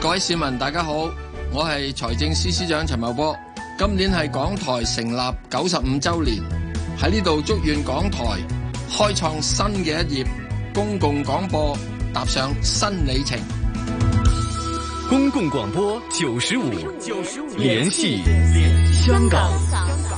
各位市民大家好，我係財政司司長陳茂波。今年係港台成立九十五周年，喺呢度祝願港台開創新嘅一頁，公共廣播踏上新里程。公共廣播九十五，九十五年聯繫香港。香港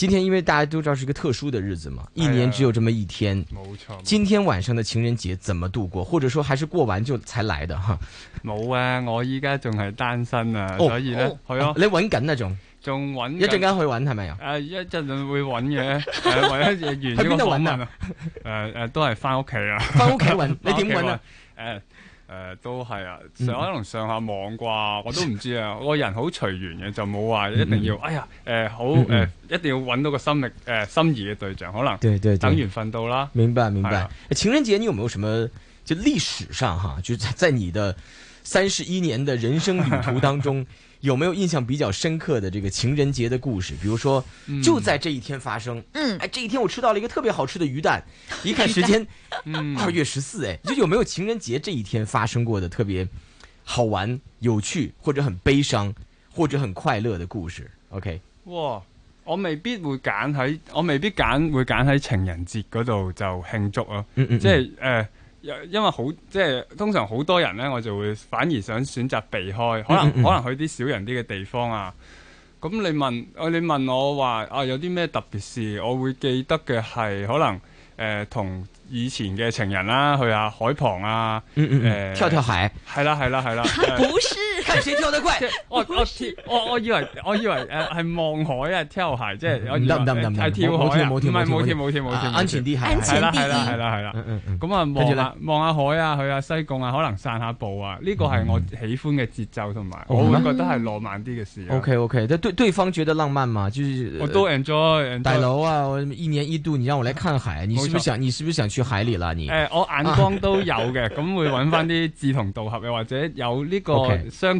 今天因為大家都知道是一個特殊的日子嘛，一年只有這麼一天。冇錯。今天晚上的情人節怎麼度過？或者說還是過完就才來的哈？冇啊，我依家仲係單身啊，所以咧，係啊，你搵緊啊，仲仲搵？一陣間去搵係咪啊？誒，一陣會搵嘅。或者完咗，去邊度搵啊？誒誒，都係翻屋企啊。翻屋企搵，你點搵啊？誒。誒、呃，都係啊，上可能上下網啩，嗯、我都唔知啊。我個人好隨緣嘅，就冇話一定要，嗯、哎呀，誒、呃、好，誒、嗯、呃、一定要揾到個心力，誒、嗯、呃、心儀嘅對象，可能對對對等緣分到啦。明白明白。明白啊、情人節你有冇什麼？就歷史上哈，就在你的三十一年的人生旅途當中。 有沒有印象比較深刻的這個情人節的故事？比如說，就在這一天發生。嗯，哎，這一天我吃到了一個特別好吃的魚蛋，嗯、一看時間，嗯、二月十四。哎，就有沒有情人節這一天發生過的特別好玩、有趣或者很悲傷或者很快樂的故事？OK，哇，我未必會揀喺，我未必揀會揀喺情人節嗰度就慶祝啊。嗯，嗯嗯，即係誒。呃因為好，即係通常好多人咧，我就會反而想選擇避開，可能可能去啲少人啲嘅地方啊。咁你問我，你問我話啊，有啲咩特別事？我會記得嘅係可能誒同、呃、以前嘅情人啦、啊，去下海旁啊，誒跳跳海係啦係啦係啦。不是。是 跳海都我我跳以為我以為誒係望海啊，跳鞋即係我諗係跳海，唔係，冇跳冇跳冇跳，安全啲係啦係啦係啦係啦，咁啊望望下海啊，去下西貢啊，可能散下步啊，呢個係我喜歡嘅節奏同埋，我會覺得係浪漫啲嘅事。O K O K，對對，對方覺得浪漫嘛，就是我都 enjoy。大佬啊，一年一度你讓我來看海，你是不是想你是不是想去海裏啦？你誒，我眼光都有嘅，咁會揾翻啲志同道合嘅或者有呢個相。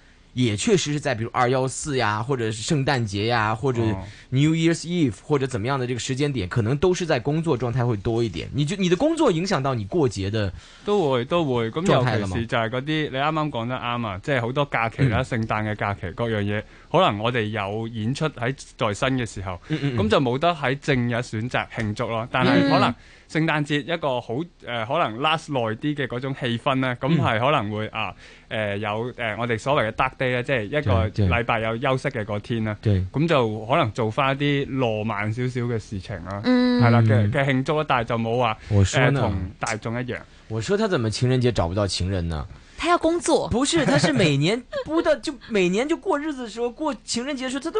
也確實是在比如二幺四呀，或者聖誕節呀，或者 New Year's Eve，或者怎麼樣的這個時間點，可能都是在工作狀態會多一點。你就你的工作影響到你過節的狀態都會都會咁，那尤其是就係嗰啲你啱啱講得啱啊，即係好多假期啦，聖、嗯、誕嘅假期各樣嘢，可能我哋有演出喺在，在身嘅時候，咁、嗯嗯嗯、就冇得喺正日選擇慶祝咯。但係可能。聖誕節一個好誒、呃，可能 last 耐啲嘅嗰種氣氛咧，咁係可能會、嗯、啊誒、呃、有誒、呃、我哋所謂嘅 double day 咧，即係一個禮拜有休息嘅個天啦，咁就可能做翻一啲浪漫少少嘅事情啦，係啦嘅嘅慶祝，但係就冇話同大眾一樣。我說他怎麼情人節找不到情人呢？他要工作，不是，他是每年不到 就每年就過日子的時候過情人節的時候，他都。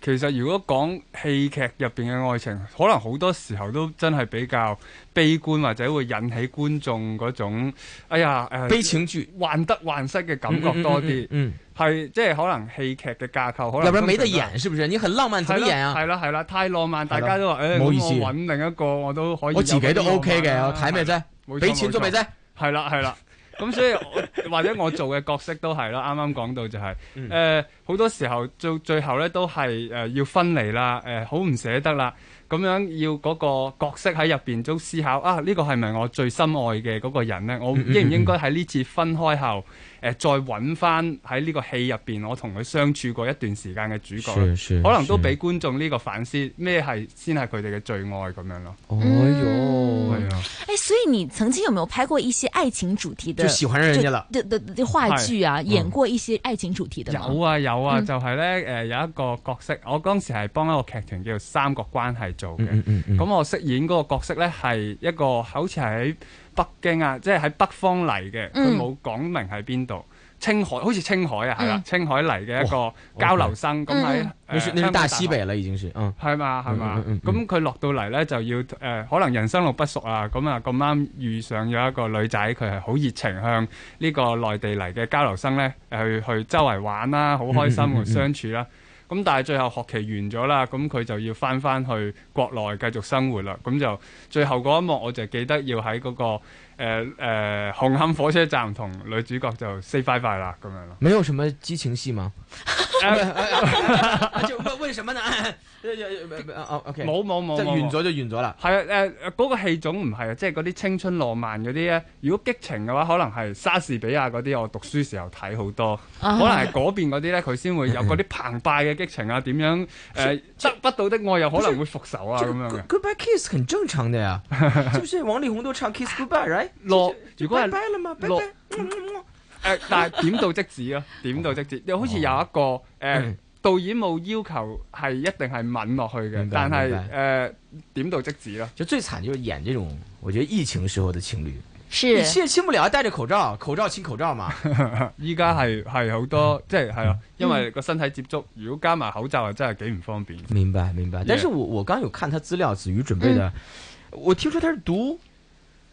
其實如果講戲劇入邊嘅愛情，可能好多時候都真係比較悲觀，或者會引起觀眾嗰種哎呀誒、呃、悲情劇患得患失嘅感覺多啲，係嗯嗯嗯嗯嗯即係可能戲劇嘅架構可能有人冇得演？是不是？你很浪漫，怎演啊？係啦係啦，太浪漫，了大家都話誒，唔好意思我我揾另一個，我都可以。我自己都 OK 嘅，我睇咩啫？俾錢咗未啫？係啦係啦。 咁 所以或者我做嘅角色都係啦，啱啱講到就係，誒，嗯，呃，好多時候做最後咧都係誒要分離啦，誒好唔捨得啦，咁樣要嗰個角色喺入邊都思考啊呢個係咪我最心愛嘅嗰個人咧？我應唔應該喺呢次分開後。誒，再揾翻喺呢個戲入邊，我同佢相處過一段時間嘅主角，可能都俾觀眾呢個反思咩係先係佢哋嘅最愛咁樣咯。哦，係啊。所以你曾經有冇拍過一些愛情主題？就喜歡人家啦，的的話劇啊，演過一些愛情主題的。有啊有啊，就係呢。誒，有一個角色，我當時係幫一個劇團叫做《三角關係》做嘅。咁我飾演嗰個角色呢，係一個好似喺北京啊，即係喺北方嚟嘅，佢冇講明喺邊度。嗯、青海好似青海啊，係啦、嗯，青海嚟嘅一個交流生，咁喺你算說大，大西北啦，已經算、嗯嗯，嗯，係嘛係嘛，咁佢落到嚟咧就要誒、呃，可能人生路不熟啊，咁啊咁啱遇上咗一個女仔，佢係好熱情向呢個內地嚟嘅交流生咧、呃，去去周圍玩啦，好開心嘅相處啦。嗯嗯嗯咁但係最後學期完咗啦，咁佢就要返返去國內繼續生活啦。咁就最後嗰一幕，我就記得要喺嗰、那個誒誒、呃呃、紅磡火車站同女主角就 say bye bye 啦，咁樣咯。沒有什麼激情戲嗎？就為什麼呢？冇冇冇，即係完咗就完咗啦。係啊，誒嗰個戲種唔係啊，即係嗰啲青春浪漫嗰啲咧。如果激情嘅話，可能係莎士比亞嗰啲，我讀書時候睇好多。可能係嗰邊嗰啲咧，佢先會有嗰啲澎湃嘅激情啊，點樣誒得不到的愛又可能會復仇啊，咁樣嘅。Goodbye kiss 很正常的啊，就是王力宏都唱 kiss goodbye right？如果係落誒，但係點到即止啊，點到即止。又好似有一個誒。導演冇要求係一定係吻落去嘅，但係誒點到即止咯。就最慘就是演這種，我覺得疫情時候的情侶，是，你親親不了，戴着口罩，口罩親口罩嘛。依家係係好多，即係係咯，因為個身體接觸，嗯、如果加埋口罩，真係幾唔方便。明白明白，但是我 Yeah. 我剛有看他資料，子瑜準備的，嗯、我聽說他是讀。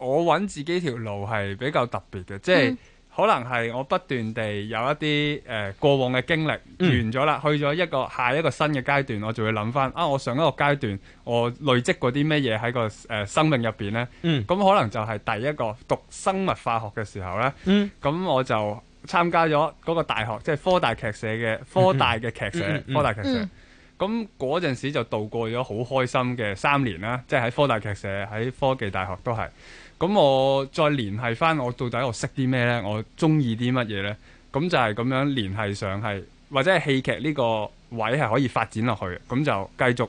我揾自己條路係比較特別嘅，即係可能係我不斷地有一啲誒過往嘅經歷、嗯、完咗啦，去咗一個下一個新嘅階段，我就會諗返啊！我上一個階段我累積嗰啲咩嘢喺個誒、呃、生命入邊呢？咁、嗯、可能就係第一個讀生物化學嘅時候呢。咁、嗯、我就參加咗嗰個大學，即、就、係、是、科大劇社嘅科大嘅劇社，嗯、科大劇社。咁嗰陣時就度過咗好開心嘅三年啦，即係喺科大劇社喺、嗯、科，科技大學都係。咁我再聯繫翻，我到底我識啲咩咧？我中意啲乜嘢咧？咁就係咁樣聯繫上係，或者係戲劇呢個位係可以發展落去，咁就繼續。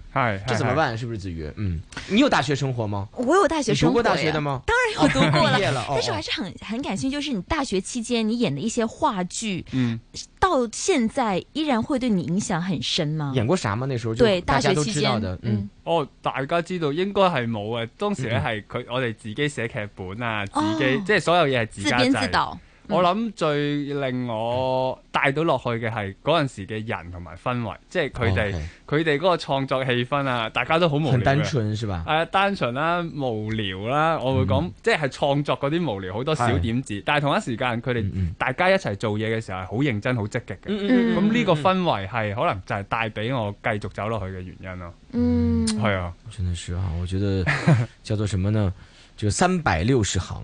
嗨， 這怎麼辦？是不是子瑜？ 嗯，你有大學生活嗎？我有大學生活，你讀過大學的、啊、嗎？當然有讀過了， 但是我還是很很感興趣。就是你大學期間你演的一些話劇，嗯，到現在依然會對你影響很深嗎、啊？演過啥嗎？那時候就大家都知道對大學期間的，嗯，哦，大家知道應該係冇嘅。當時咧係佢我哋自己寫劇本啊，嗯、自己、哦、即係所有嘢係自家製。自編自導。我諗最令我帶到落去嘅係嗰陣時嘅人同埋氛圍，哦、即係佢哋佢哋嗰個創作氣氛啊，大家都好無聊。很單純是吧？係啊，單純啦，無聊啦，我會講，即係創作嗰啲無聊好多小點子，是但係同一時間佢哋大家一齊做嘢嘅時候係好認真、好積極嘅。咁呢、嗯、個氛圍係可能就係帶俾我繼續走落去嘅原因咯。嗯，係啊。真再講下，我覺得叫做什麼呢？ 就三百六十行。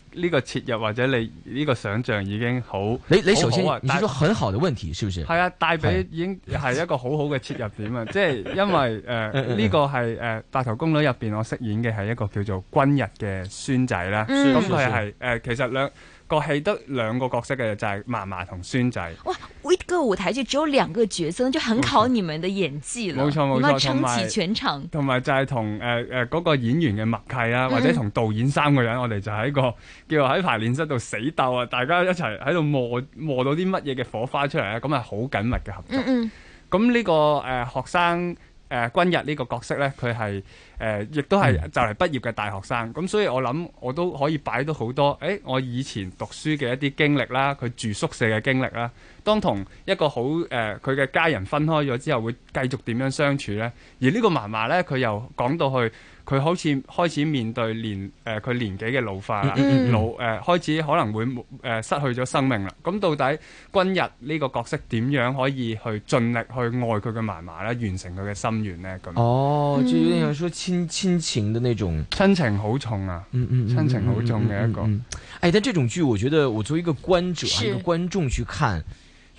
呢個切入或者你呢個想像已經好，你你首先，啊、你是很好嘅問題，是不是？係啊，帶俾已經係一個很好好嘅切入點啊！ 即係因為誒呢、呃、 個係誒、呃《白頭公女》入邊，我飾演嘅係一個叫做軍日嘅孫仔啦。咁佢係誒其實兩。個戲得兩個角色嘅，就係嫲嫲同孫仔。哇，一個舞台就只有兩個角色，就很考你們的演技啦。冇錯冇錯，你要撐起全場。同埋就係同誒誒嗰個演員嘅默契啦，或者同導演三個人，嗯、我哋就喺個叫喺排練室度死鬥啊！大家一齊喺度磨磨到啲乜嘢嘅火花出嚟咧，咁係好緊密嘅合作。嗯嗯。咁呢、這個誒、呃、學生。誒、呃、君逸呢個角色呢，佢係誒亦都係就嚟畢業嘅大學生，咁、嗯嗯、所以我諗我都可以擺到好多，誒、欸、我以前讀書嘅一啲經歷啦，佢住宿舍嘅經歷啦，當同一個好誒佢嘅家人分開咗之後，會繼續點樣相處呢？而呢個嫲嫲呢，佢又講到去。佢好似開始面對年誒佢年紀嘅老化，嗯、老誒、呃、開始可能會誒、呃、失去咗生命啦。咁到底君逸呢個角色點樣可以去盡力去愛佢嘅嫲嫲咧，完成佢嘅心願咧？咁哦，即、就、係、是、有種親親情嘅那種、嗯、親情好重啊，嗯嗯、親情好重嘅一個。哎、嗯嗯嗯嗯嗯嗯欸，但係這種劇，我覺得我做一個觀者、一個觀眾去看。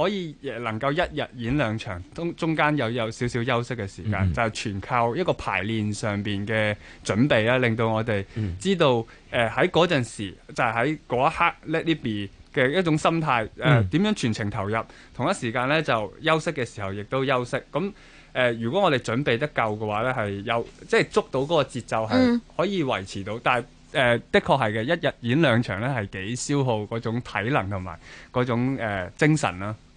可以能夠一日演兩場，中中間又有少少休息嘅時間，嗯、就係全靠一個排練上邊嘅準備咧，令到我哋知道誒喺嗰陣時就係喺嗰一刻 let it be 嘅一種心態，誒、呃、點樣全程投入，嗯、同一時間呢，就休息嘅時候亦都休息。咁、嗯、誒、呃，如果我哋準備得夠嘅話呢係有即係捉到嗰個節奏係可以維持到，嗯、但係誒、呃、的確係嘅，一日演兩場呢，係幾消耗嗰種體能同埋嗰種、呃、精神啦、啊。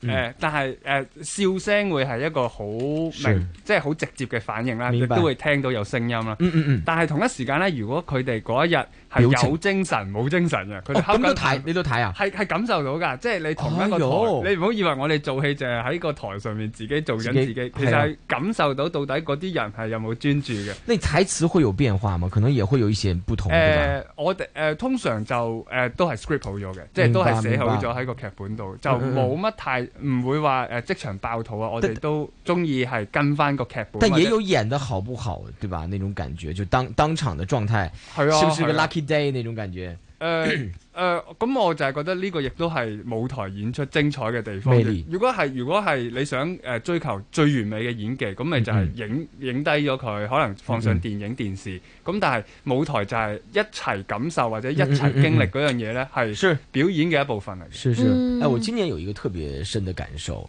誒、嗯呃，但係誒、呃，笑聲會係一個好明，即係好直接嘅反應啦。亦明白 都會聽到有聲音啦。嗯嗯嗯。但係同一時間咧，如果佢哋嗰一日，係有精神冇精神嘅，佢哋都睇，你都睇啊，係係感受到㗎，即係你同翻個台，你唔好以為我哋做戲就係喺個台上面自己做緊自己，其實係感受到到底嗰啲人係有冇專注嘅。你台詞會有變化嘛，可能也會有一些不同。誒，我哋誒通常就誒都係 script 好咗嘅，即係都係寫好咗喺個劇本度，就冇乜太唔會話誒即場爆肚啊！我哋都中意係跟翻個劇本。但也有演得好不好，對吧？那種感覺就當當場嘅狀態，係啊，係咪？係咪？day 那種感覺誒誒，咁、呃呃、我就係覺得呢個亦都係舞台演出精彩嘅地方，魅力。如果係如果係你想誒追求最完美嘅演技，咁咪就係影影低咗佢，可能放上電影、嗯嗯電視。咁但係舞台就係一齊感受或者一齊經歷嗰樣嘢呢係、嗯嗯嗯嗯、表演嘅一部分嚟。是是，誒、嗯，我今年有一個特別深嘅感受。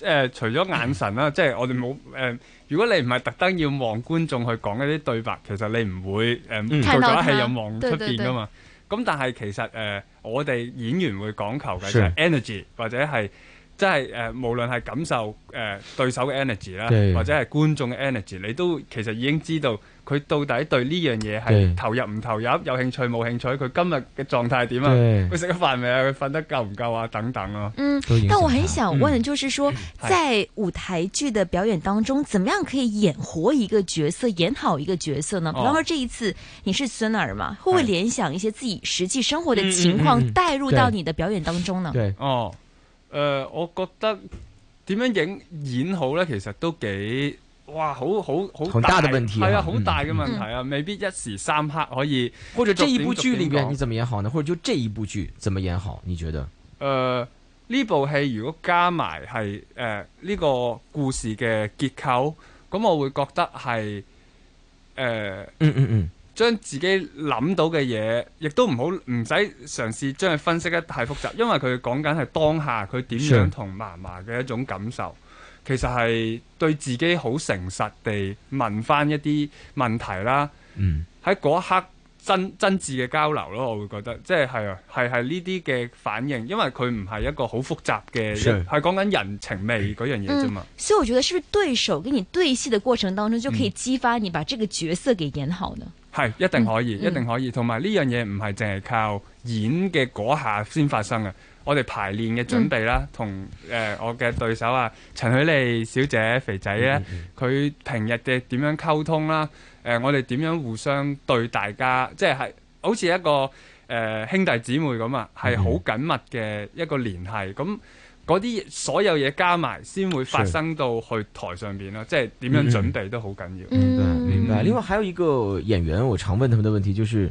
誒、呃，除咗眼神啦，嗯、即係我哋冇誒。如果你唔係特登要望觀眾去講一啲對白，其實你唔會誒、呃嗯、做咗戲又望出邊噶嘛。咁但係其實誒、呃，我哋演員會講求嘅就係 energy，是或者係即係誒、呃，無論係感受誒、呃、對手嘅 energy 啦是，或者係觀眾嘅 energy，你都其實已經知道。佢到底對呢樣嘢係投入唔投入，對有興趣冇興趣？佢今日嘅狀態點啊？佢食咗飯未啊？佢瞓得夠唔夠啊？等等咯、啊。嗯，但我很想問，就是說，嗯、在舞台劇的表演當中，是怎麼樣可以演活一個角色，演好一個角色呢？比方說，這一次你是孫兒嘛，會唔會聯想一些自己實際生活的情況，帶入到你的表演當中呢？嗯嗯、對對哦、呃，我覺得點樣影演，演好呢？其實都幾～哇，好好好，好大嘅問題係啊，好大嘅問題啊，嗯、未必一時三刻可以。或者逐點逐點逐點這一部劇裏邊，你怎麼演好呢？或者就這一部劇，怎麼演好？你覺得？誒、呃，呢部戲如果加埋係誒呢個故事嘅結構，咁我會覺得係誒、呃嗯，嗯嗯嗯，將自己諗到嘅嘢，亦都唔好唔使嘗試將佢分析得太複雜，因為佢講緊係當下佢點樣同嫲嫲嘅一種感受。其實係對自己好誠實地問翻一啲問題啦，喺嗰一刻真真摯嘅交流咯，我會覺得即係係係呢啲嘅反應，因為佢唔係一個好複雜嘅，係講緊人情味嗰樣嘢啫嘛。所以我覺得，是不是對手跟你對戲嘅過程當中就可以激發你把這個角色給演好呢？係、嗯、一定可以，一定可以。同埋呢樣嘢唔係淨係靠演嘅嗰下先發生嘅。我哋排練嘅準備啦，同誒、呃、我嘅對手啊，陳許莉小姐、肥仔咧，佢平日嘅點樣溝通啦，誒、呃、我哋點樣互相對，大家即係係好似一個誒、呃、兄弟姊妹咁啊，係好緊密嘅一個聯繫。咁嗰啲所有嘢加埋，先會發生到去台上邊囉。是即係點樣準備都好緊要，嗯。明白。另外，還有一個演員，我常問他們嘅問題，就是。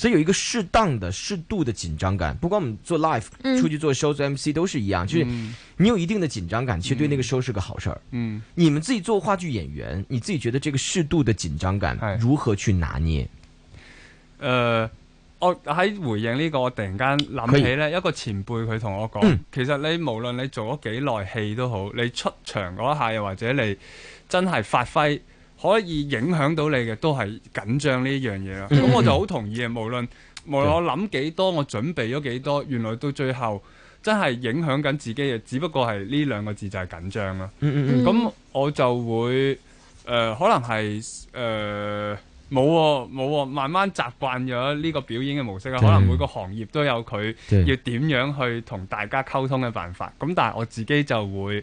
所以有一個適當的、適度的緊張感，不管我們做 live 出去做 show 做 MC、嗯、都是一樣，就是你有一定的緊張感，其實、嗯、對那個 show 是個好事兒。嗯、你們自己做話劇演員，你自己覺得這個適度的緊張感如何去拿捏？呃我喺回應呢、這個，我突然間諗起咧，一個前輩佢同我講，嗯、其實你無論你做咗幾耐戲都好，你出場嗰下又或者你真係發揮。可以影響到你嘅都係緊張呢一樣嘢啦。咁我就好同意啊。嗯嗯、無論無論我諗幾多，我準備咗幾多，原來到最後真係影響緊自己嘅。只不過係呢兩個字就係緊張啦。咁、嗯嗯嗯、我就會誒、呃，可能係誒。呃冇喎冇喎，慢慢習慣咗呢個表演嘅模式啦。可能每個行業都有佢要點樣去同大家溝通嘅辦法。咁但係我自己就會誒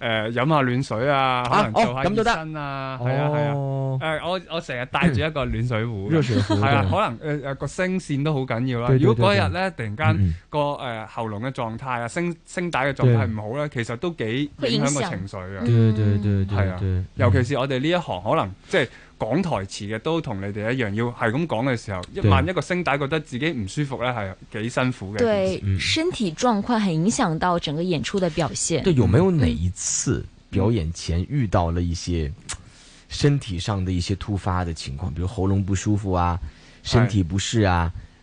飲下暖水啊，可能做下醫生啊。係啊係啊。誒我我成日帶住一個暖水壺。呢係。係啦，可能誒誒個聲線都好緊要啦。如果嗰日咧突然間個誒喉嚨嘅狀態啊，聲聲帶嘅狀態唔好咧，其實都幾影響個情緒啊。對對對對，係啊。尤其是我哋呢一行，可能即係。講台詞嘅都同你哋一樣，要係咁講嘅時候，對一萬一個聲帶覺得自己唔舒服咧，係幾辛苦嘅。對，對、嗯、身體狀況，係影響到整個演出嘅表現。對，有沒有哪一次表演前遇到了一些身體上的一些突發的情況，嗯、比如喉嚨不舒服啊，身體不適啊？對嗯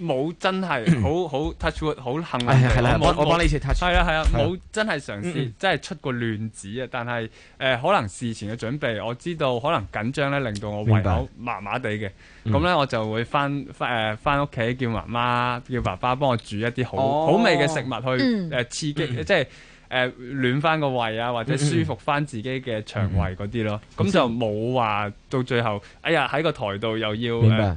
冇真係好好 touch 好幸運嘅，我我幫你一次 touch。係啊係啊，冇真係嘗試，真係出過亂子啊！但係誒，可能事前嘅準備，我知道可能緊張咧，令到我胃口麻麻地嘅。咁咧，我就會翻誒翻屋企叫媽媽、叫爸爸幫我煮一啲好好味嘅食物去誒刺激，即係誒暖翻個胃啊，或者舒服翻自己嘅腸胃嗰啲咯。咁就冇話到最後，哎呀喺個台度又要。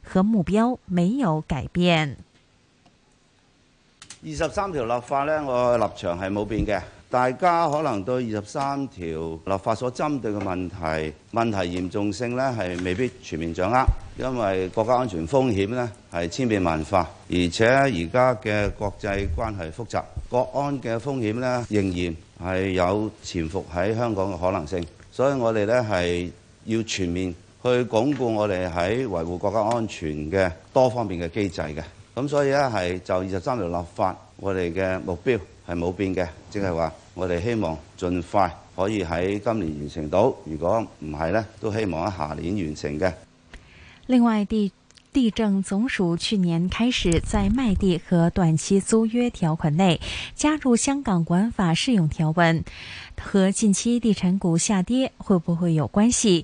和目標沒有改變。二十三條立法呢，我嘅立場係冇變嘅。大家可能對二十三條立法所針對嘅問題、問題嚴重性呢，係未必全面掌握，因為國家安全風險呢係千變萬化，而且而家嘅國際關係複雜，國安嘅風險呢仍然係有潛伏喺香港嘅可能性，所以我哋呢係要全面。去鞏固我哋喺維護國家安全嘅多方面嘅機制嘅，咁所以咧係就二十三條立法，我哋嘅目標係冇變嘅，即係話，我哋希望盡快可以喺今年完成到，如果唔係咧，都希望喺下年完成嘅。另外，地地政總署去年開始在賣地和短期租約條款內加入香港管法適用條文，和近期地產股下跌會不會有關係？